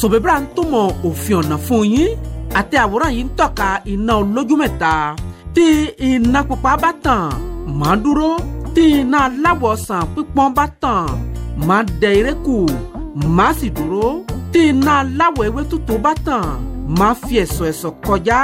sòbébìrà ń túmọ̀ òfin ọ̀nà fún yín àti àwòrán yìí ń tọ́ka iná olójú mẹ́ta tí iná pupa bá tàn má dúró tí iná aláwọ̀ sàn pípọ́n bá tàn má dẹ eré kù sì dúró tí iná aláwọ̀ ewé tútù bá tàn má fi ẹ̀sọ̀ ẹ̀sọ̀ kọjá.